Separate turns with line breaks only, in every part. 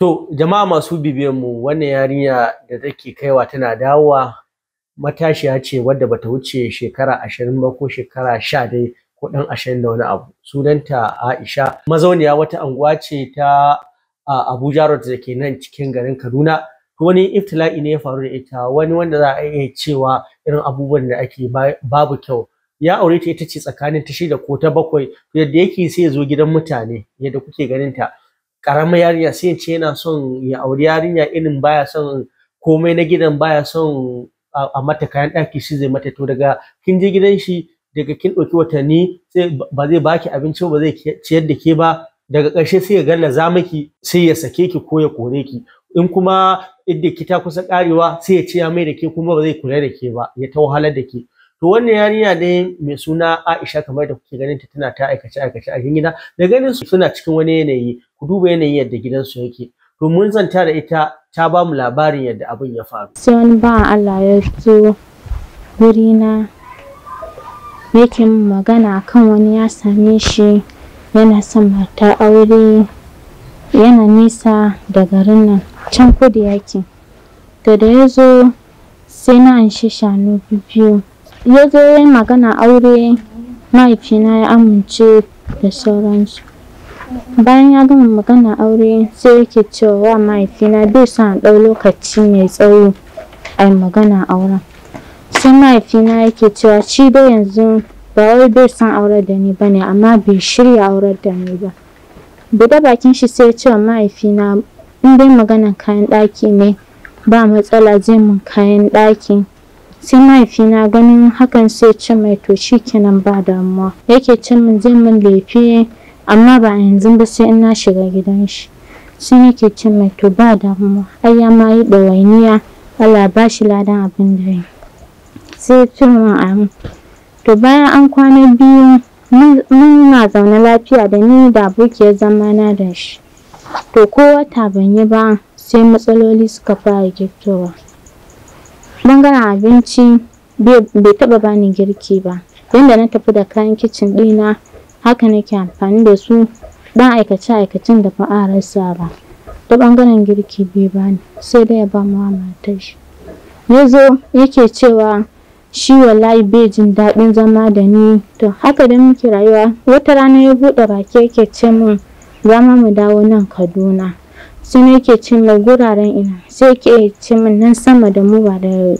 To jama'a masu bibiyan mu wannan yarinya da take kaiwa tana dawowa matashiya ce wadda bata wuce shekara ashirin ba ko shekara sha dai ko ɗan ashirin da wani abu sunanta Aisha mazauniya wata anguwa ce ta Abuja Road da ke nan cikin garin Kaduna wani iftila'i ne ya faru da ita wani wanda za a iya cewa irin abubuwan da ake babu kyau ya aure ta ita ce tsakanin ta shida ko ta bakwai yadda yake sai ya zo gidan mutane yadda kuke ganin ta karamar yarinya sai ce yana son ya auri yarinya irin baya son komai na gidan baya son a mata kayan ɗaki shi zai mata to daga kin je gidan shi daga kin ɗauki watanni sai ba zai baki abinci ba zai ciyar da ke ba daga ƙarshe sai ya gallaza miki sai ya sake ki ko ya kore ki in kuma idda ki ta kusa karewa sai ya ce ya mai da ke kuma ba zai kula da ke ba ya ta wahalar da ke to wannan yarinya ne mai suna Aisha kamar da kuke ganin ta tana ta aikace aikace a gida da ganin su suna cikin wani yanayi ku duba yanayin yadda gidansu yake to mun zanta da ita ta ba mu labarin yadda abin ya faru sai
wani ba Allah ya zo na yake magana kan wani ya same shi yana son mata aure yana nisa da garin nan can kudu yake to da ya zo sai na anshi shanu biyu ya zo magana aure mahaifina ya amince da sauransu bayan ya gama magana aure sai yake cewa mahaifina bai sa ɗau lokaci mai tsawo a yi magana auren sai mahaifina yake cewa shi dai yanzu ba wai bai san aurar da ni bane amma bai shirya aurar da ni ba buɗe bakin shi sai ya ce mahaifina in dai maganan kayan ɗaki ne ba matsala zai mun kayan ɗaki sai mahaifina ganin hakan sai ce mai to kenan ba damuwa yake ce min zai min lefe amma ba a yanzu ba sai in na shiga gidan shi sai yi ce mai to ba damuwa ai ya ma yi ɗawainiya Allah ba shi ladan abin da yi sai ce a to bayan an kwana biyu mun na zaune lafiya da ni da abokiyar na da shi to ko wata ban yi ba sai matsaloli suka fara giftowa bangaren abinci bai taɓa bani girki ba yadda na tafi da kayan kicin ɗina haka nake amfani da su ɗan aikace-aikacen da ba a rasa ba ta ɓangaren girki bai bani sai dai ya ba mu matar shi ya zo yake cewa shi wallahi bai jin daɗin zama da ni to haka da muke rayuwa wata rana ya buɗe baki yake ce min za mu dawo nan kaduna sai yake ce mai guraren ina sai ke ce min nan sama da mu ba da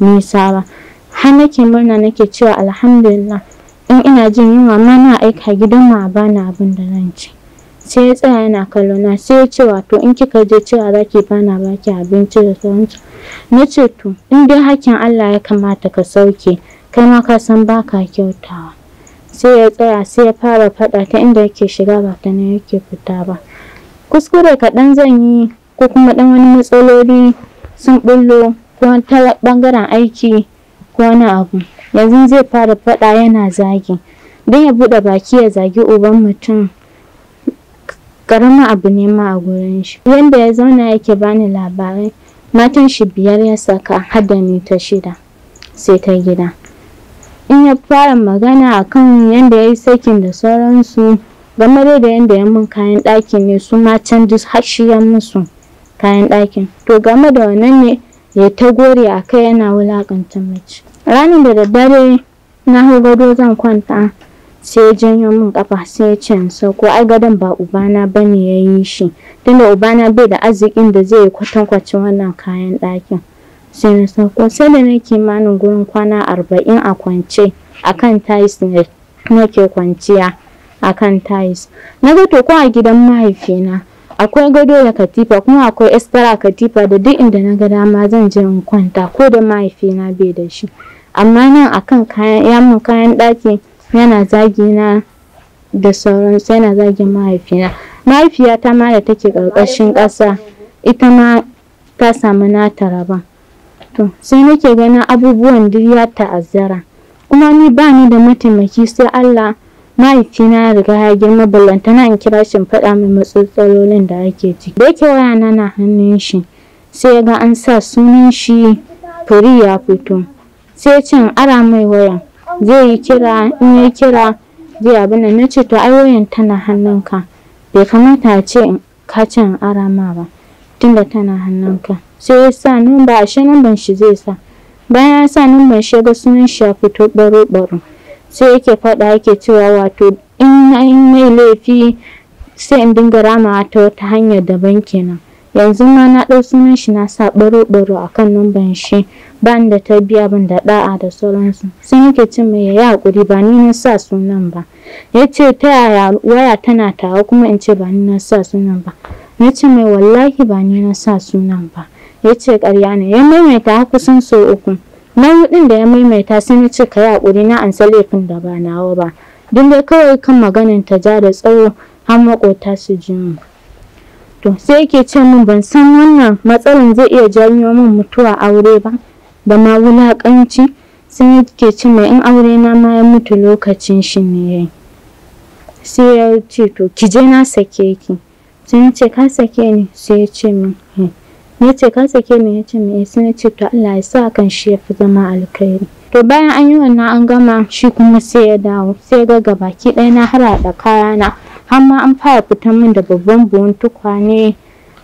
nisa ba har nake murna nake cewa alhamdulillah in ina jin yunwa ma na aika gidan mu a bani abin da zan ci sai ya tsaya yana kallo na sai ya ce wato in kika je cewa za ki bana ba ki abinci da sauransu na ce to in dai hakkin Allah ya kamata ka sauke kai ma ka san baka kyautawa sai ya tsaya sai ya fara faɗa ta inda yake shiga ba ta nan yake fita ba kuskure kaɗan zan yi ko kuma ɗan wani matsaloli sun ɓullo ko ta ɓangaren aiki ko wani abu yanzu zai fara faɗa yana zagi don ya buɗe baki ya zagi uban mutum ƙaramin abu ne ma a gurin shi yadda ya zauna yake bani labarai matan shi biyar ya saka har da ta shida sai ta gida in ya fara magana akan yadda ya yi sakin da sauransu game da yadda ya mun kayan ɗaki ne su ma can shi ya musu kayan ɗakin to game da wannan ne ya ta gore a kai yana wulaƙanta mace ranar da daddare na hau gado zan kwanta sai ya janyo min kafa sai ya ce sauko ai gadon ba ubana bane ya yi shi tunda ubana bai da arzikin da zai kwatankwacin wannan kayan ɗakin sai na sauko sai da nake kimanin gurin kwana arba'in a kwance akan tais ne nake kwanciya akan tais na ga to a gidan mahaifina akwai gado da katifa kuma akwai estara katifa da duk inda na ga dama zan je in kwanta ko da mahaifina bai da shi amma nan akan kayan yamun kayan ɗaki yana zagi na da sauransu yana zagin mahaifina mahaifiyata ma da take ƙarƙashin ƙasa ita ma ta samu nata rabon to sai nake ganin abubuwan duk ya ta'azzara kuma ni ba ni da mataimaki sai Allah mahaifina ya riga ya girma ballantana in kira shi faɗa mai matsatsalolin da ake ciki da yake waya na na hannun shi sai ya ga an sa sunan shi fari ya fito sai cin ara mai waya zai yi kira in yi kira zai abin nan nace to ai wayan tana hannunka bai kamata a ce ka cin ara ma ba tunda tana hannunka sai ya sa numba ashe numban shi zai sa bayan ya sa numban shi ga sunan shi ya fito baro baro sai yake faɗa yake cewa wato in na yi mai laifi sai in dinga rama ta wata hanyar daban kenan yanzu ma na ɗau sunan shi na sa baro-baro a kan numban shi ba ni da tarbiya ban da ɗa'a da sauransu sun yake ce mai ya hakuri ba ni na sa sunan ba ya ce ta yaya waya tana tawa kuma in ce ba ni na sa sunan ba ya ce mai wallahi ba ni na sa sunan ba ya ce ƙarya ne ya maimaita kusan sau uku na huɗun da ya maimaita sai na ce ka yi hakuri na ansa laifin da ba nawa ba duk dai kawai kan maganin ta ja da tsawo har maƙota su ji mu. to sai yake ce min ban san wannan matsalan zai iya janyo min mutuwa aure ba da ma wulakanci sai yake ce mai in aure na ma ya mutu lokacin shi ne yayi sai ya ce to ki je na sake ki sai ya ce ka sake ni sai ya ce min ya eh. ce ka sake ni ya ce min eh. sai ya ce to Allah ya sa kan shi ya fi zama alkhairi to bayan an yi wannan an gama shi kuma sai ya dawo sai ga gabaki ɗaya na harada na har ma an fara fitan min da babban buhun tukwane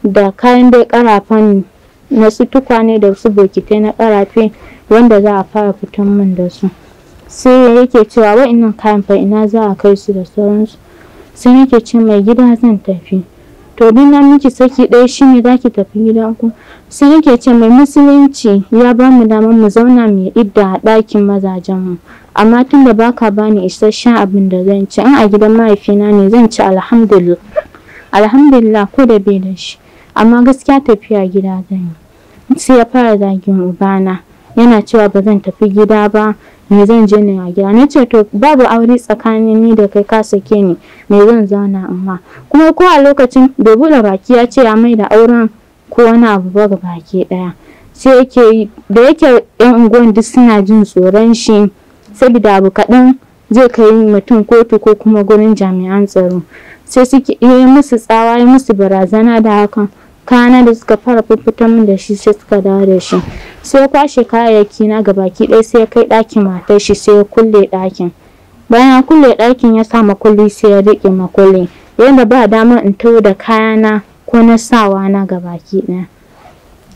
da kayan dai karafan na su tukwane da su bokitai na karafe wanda za a fara fitan min da su sai yake cewa wa'annan kayan fa ina za a kai su da sauransu sai yake ce mai gida zan tafi to na miki saki ɗaya shine za ki tafi gidanku sai nake ce mai musulunci ya ba mu damar mu zauna mu idda a ɗakin mazajenmu amma tun da baka bani isasshen abin da zan ci in a gidan mahaifina ne zan ci alhamdulillah alhamdulillah ko da bai da shi amma gaskiya tafiya gida zan yi sai ya fara zagin ubana yana cewa ba zan tafi gida ba me zan je ne a gida na ce to babu aure tsakanin ni da kai ka sake ni me zan zauna amma kuma ko a lokacin da buɗe baki ya ce ya mai da auren ko wani abu ba ga baki ɗaya sai yake da yake yan unguwan duk suna jin tsoron shi saboda abu kaɗan zai kai mutum kotu ko kuma gurin jami'an tsaro sai suke yi musu tsawa yi musu barazana da hakan kana da suka fara fita min da shi sai suka dawo da shi sai ya kwashe kayayyaki na ga baki ɗaya sai ya kai ɗakin matar shi sai ya kulle ɗakin bayan ya kulle ɗakin ya sa makulli sai ya riƙe makulli yadda ba damar in taho da kayana ko na sawa na ga baki ɗaya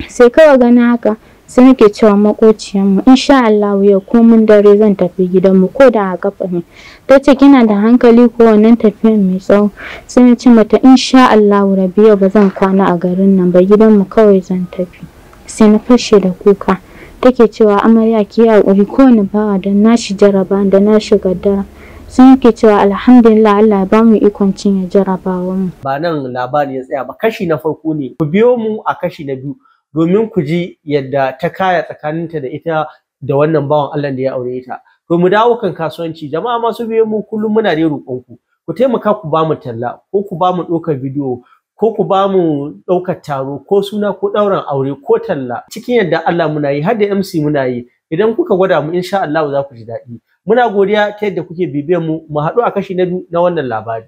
sai kawai gani haka sai nake cewa makociyarmu insha Allah yau ko mun dare zan tafi gidanmu ko da a kafa ne ta ce kina da hankali ko wannan tafiyan mai tsawo sai na ce mata insha Allah Rabiya ba zan kwana a garin nan ba gidanmu kawai zan tafi sai na fashe da kuka take cewa amarya ki yi haƙuri kowane bawa da na shi jaraba da na shi dara sun yake cewa alhamdulillah Allah ba mu ikon cinye jarabawa mu.
Ba nan labarin ya tsaya ba kashi na farko ne ku biyo mu a kashi na biyu domin ku ji yadda ta kaya tsakaninta da ita da wannan bawan Allah da ya aure ta to mu dawo kan kasuwanci jama'a masu biye mu kullum muna da roƙon ku ku taimaka ku bamu talla ko ku bamu ɗaukar bidiyo ko ku bamu ɗaukar taro ko suna ko ɗaurin aure ko talla cikin yadda Allah muna yi har da MC muna yi idan kuka gwada mu insha Allah za ku ji daɗi muna godiya ta yadda kuke bibiyar mu mu haɗu a kashi na biyu na wannan labari